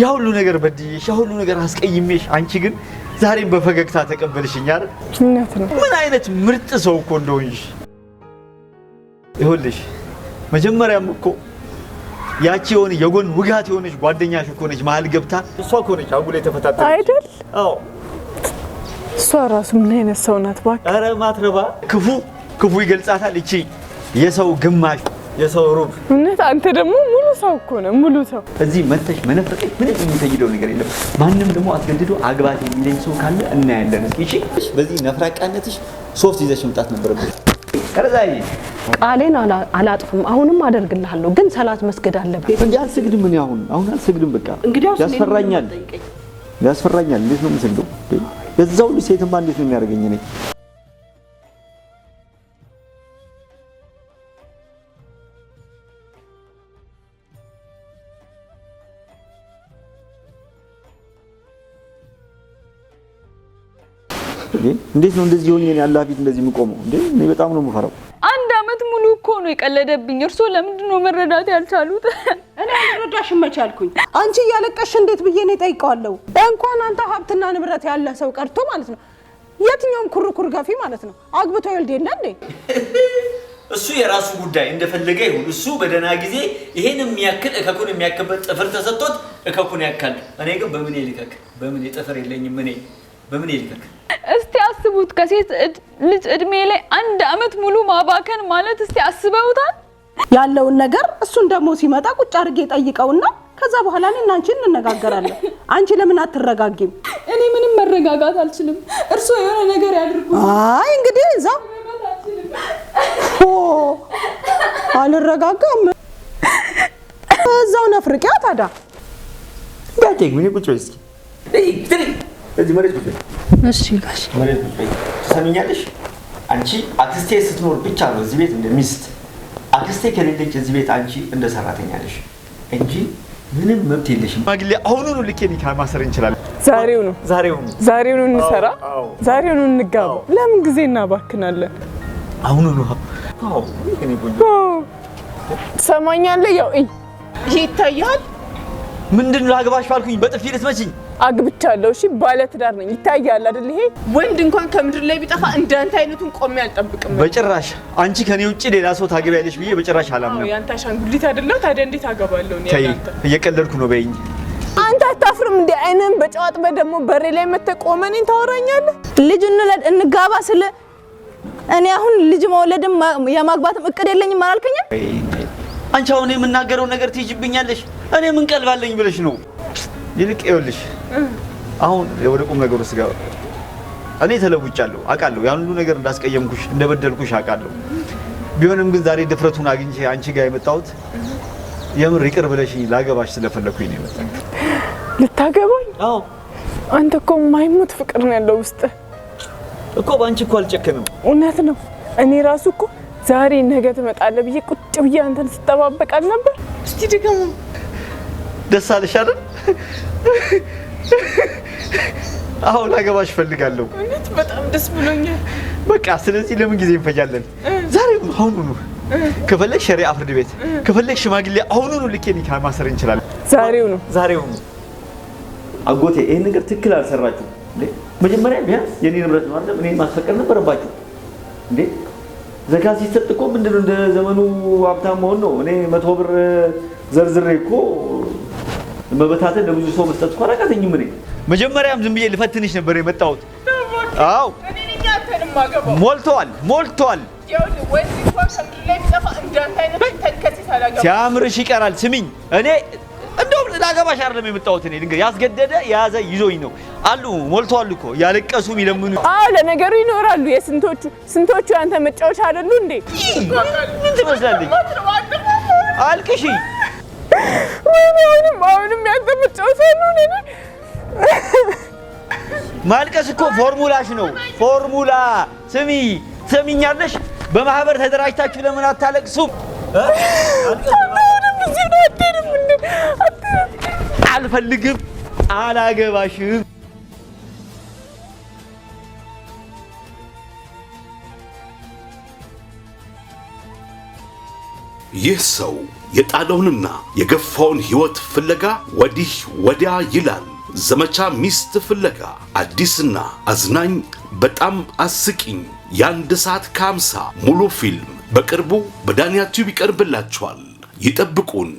ያ ሁሉ ነገር በድዬሽ፣ ያ ሁሉ ነገር አስቀይሜሽ፣ አንቺ ግን ዛሬም በፈገግታ ተቀበልሽኝ አይደል? ነው። ምን አይነት ምርጥ ሰው እኮ እንደሆንሽ ይሁልሽ። መጀመሪያም እኮ ያቺ የሆነ የጎን ውጋት የሆነች ጓደኛሽ እኮ ነች መሀል ገብታ እሷ እኮ ነች አጉል የተፈታተነች አይደል? አዎ እሷ ራሱ ምን አይነት ሰው ናት? እባክህ ኧረ ማትረባ ክፉ ክፉ ይገልጻታል። እቺ የሰው ግማሽ የሰው ሩብ እውነት። አንተ ደግሞ ሙሉ ሰው እኮ ነው፣ ሙሉ ሰው። እዚህ መተሽ መነፍረቅ ምንም የሚፈይደው ነገር የለም። ማንም ደግሞ አስገድዶ አግባት የሚለኝ ሰው ካለ እናያለን። እሺ፣ በዚህ ነፍራቃነትሽ ሶፍት ይዘሽ መምጣት ነበረብሽ። ቀረዛይ ቃሌን አላጥፍም። አሁንም አደርግልሃለሁ፣ ግን ሰላት መስገድ አለብህ እንጂ አልሰግድም። እኔ አሁን አሁን አልሰግድም። በቃ ያስፈራኛል፣ ያስፈራኛል። እንዴት ነው የምሰግደው? የዛው ሁሉ ሴትማ እንዴት ነው የሚያደርገኝ እኔ እንዴት ነው እንደዚህ ሆኜ እኔ አላህ ፊት እንደዚህ የምቆመው እንዴ? እኔ በጣም ነው የምፈራው። አንድ አመት ሙሉ እኮ ነው የቀለደብኝ። እርሶ ለምንድን ነው መረዳት ያልቻሉት? እኔ አልረዳሽ መች አልኩኝ። አንቺ እያለቀሽ እንዴት ብዬ እኔ ጠይቀዋለሁ? እንኳን አንተ ሀብትና ንብረት ያለ ሰው ቀርቶ ማለት ነው የትኛውም ኩርኩር ገፊ ማለት ነው አግብቶ ይወልድ የለ እንዴ? እሱ የራሱ ጉዳይ እንደፈለገ ይሁን። እሱ በደህና ጊዜ ይሄን የሚያክል እከኩን የሚያክበት ጥፍር ተሰጥቶት እከኩን ያካል። እኔ ግን በምን ልከክ? በምን ጥፍር የለኝም እኔ በምን ይልከክ? እስቲ አስቡት ከሴት ልጅ እድሜ ላይ አንድ አመት ሙሉ ማባከን ማለት እስቲ አስበውታል? ያለውን ነገር እሱን ደግሞ ሲመጣ ቁጭ አድርጌ ጠይቀውና ከዛ በኋላ እኔና አንቺ እንነጋገራለን። አንቺ ለምን አትረጋጊም? እኔ ምንም መረጋጋት አልችልም። እርሶ የሆነ ነገር ያድርጉ። አይ እንግዲህ እዛ አልረጋጋም። እዛው ነፍርቂያ ታዳ ጋቴ ምን ቁጭ እዚህ መሬት ጉዳይ በይ። እሺ ጋሽ መሬት ጉዳይ በይ። ትሰሚኛለሽ? አንቺ አክስቴ ስትኖር ብቻ ነው እዚህ ቤት እንደ ሚስት፣ አክስቴ ከሌለች እዚህ ቤት አንቺ እንደ ሰራተኛ ነሽ እንጂ ምንም መብት የለሽም። ሽማግሌ አሁኑኑ ልኬ ኒካ ማሰር እንችላለን። ዛሬው ነው ዛሬው ነው ዛሬው ነው እንሰራ፣ ዛሬው ነው እንጋባ። ለምን ጊዜ እናባክናለን? አሁኑ ነው። አዎ ሰማኛለ። ያው እይ ይታያል። ምንድን ነው አግባሽ ባልኩኝ በጥፊ ልትመችኝ አግብቻለሁ። እሺ ባለትዳር ነኝ። ይታያል አይደል? ይሄ ወንድ እንኳን ከምድር ላይ ቢጠፋ እንዳንተ አይነቱን ቆሜ አልጠብቅም። በጭራሽ አንቺ ከኔ ውጪ ሌላ ሰው ታገቢያለሽ ብዬ በጭራሽ አላምነው። አዎ ያንተ አሻንጉሊት አይደለሁ ታዲያ እንዴት አገባለሁ? እኔ ያንተ እየቀለድኩ ነው በይኝ። አንተ አታፍርም እንዴ? አይነን በጨዋጥ በደሞ በሬ ላይ መተቆመኔን ታወራኛለህ። ልጅ እንለድ እንጋባ ስለ እኔ አሁን ልጅ መውለድም የማግባትም እቅድ የለኝም አላልከኝም? አንቺ አሁን የምናገረው ነገር ትይጅብኛለሽ። እኔ ምን ቀልባለኝ ብለሽ ነው? ይልቅ ይኸውልሽ አሁን ወደ ቁም ነገሩ ስገባ እኔ ተለውጫለሁ አውቃለሁ። ያን ሁሉ ነገር እንዳስቀየምኩሽ እንደበደልኩሽ አውቃለሁ። ቢሆንም ግን ዛሬ ድፍረቱን አግኝቼ አንቺ ጋር የመጣሁት የምር ይቅር ብለሽኝ ላገባሽ ስለፈለኩኝ ነው የመጣሁት። ልታገባኝ? አዎ። አንተ እኮ ማይሞት ፍቅር ነው ያለው ውስጥ እኮ በአንቺ እኮ አልጨከንም። እውነት ነው። እኔ ራሱ እኮ ዛሬ ነገ ትመጣለህ ብዬ ቁጭ ብዬ አንተን ስጠባበቃል ነበር። እስቲ ደግሞ ደስ አለሽ አይደል? አሁን አገባሽ ፈልጋለሁ። እውነት በጣም ደስ ብሎኛል። በቃ ስለዚህ ለምን ጊዜ እንፈጃለን? ዛሬ ነው። ከፈለግ ሸሪዓ ፍርድ ቤት፣ ከፈለግ ሽማግሌ አሁኑኑ ልኬ ኒካህ ማሰር እንችላለን። ዛሬው ነው ዛሬው ነው። አጎቴ ይሄን ነገር ትክክል አልሰራችሁ። መጀመሪያ ቢያንስ የኔ ንብረት ነው አይደል? እኔን ማስፈቀድ ነበረባችሁ እንዴ። ዘካ ሲሰጥ እኮ ምንድነው እንደ ዘመኑ ሀብታም መሆን ነው። እኔ መቶ ብር ዘርዝሬ እኮ መበታተን ለብዙ ሰው መስጠት እኮ አላቃተኝም። እኔ መጀመሪያም ዝም ብዬ ልፈትንሽ ነበር የመጣሁት። አዎ ሞልቷል፣ ሞልቷል። ሲያምርሽ ይቀራል። ስሚኝ፣ እኔ እንደውም ላገባሽ አይደለም የመጣሁት። እኔ ድንገት ያስገደደ የያዘ ይዞኝ ነው አሉ። ሞልቷል እኮ ያለቀሱ ይለምኑ። አዎ ለነገሩ ይኖራሉ። የስንቶቹ ስንቶቹ ያንተ መጫወቻ አይደሉ እንዴ? ምን ትመስላለች? አልቅሺ አሁንም አሁንም ያንተ ነው። ማልቀስ እኮ ፎርሙላሽ ነው። ፎርሙላ ስሚ፣ ትሰሚኛለሽ? በማህበር ተደራጅታችሁ ለምን አታለቅሱም? አልፈልግም፣ አላገባሽም ይህ ሰው የጣለውንና የገፋውን ሕይወት ፍለጋ ወዲህ ወዲያ ይላል። ዘመቻ ሚስት ፍለጋ አዲስና አዝናኝ በጣም አስቂኝ የአንድ ሰዓት ከአምሳ ሙሉ ፊልም በቅርቡ ቲዩብ ይቀርብላችኋል። ይጠብቁን።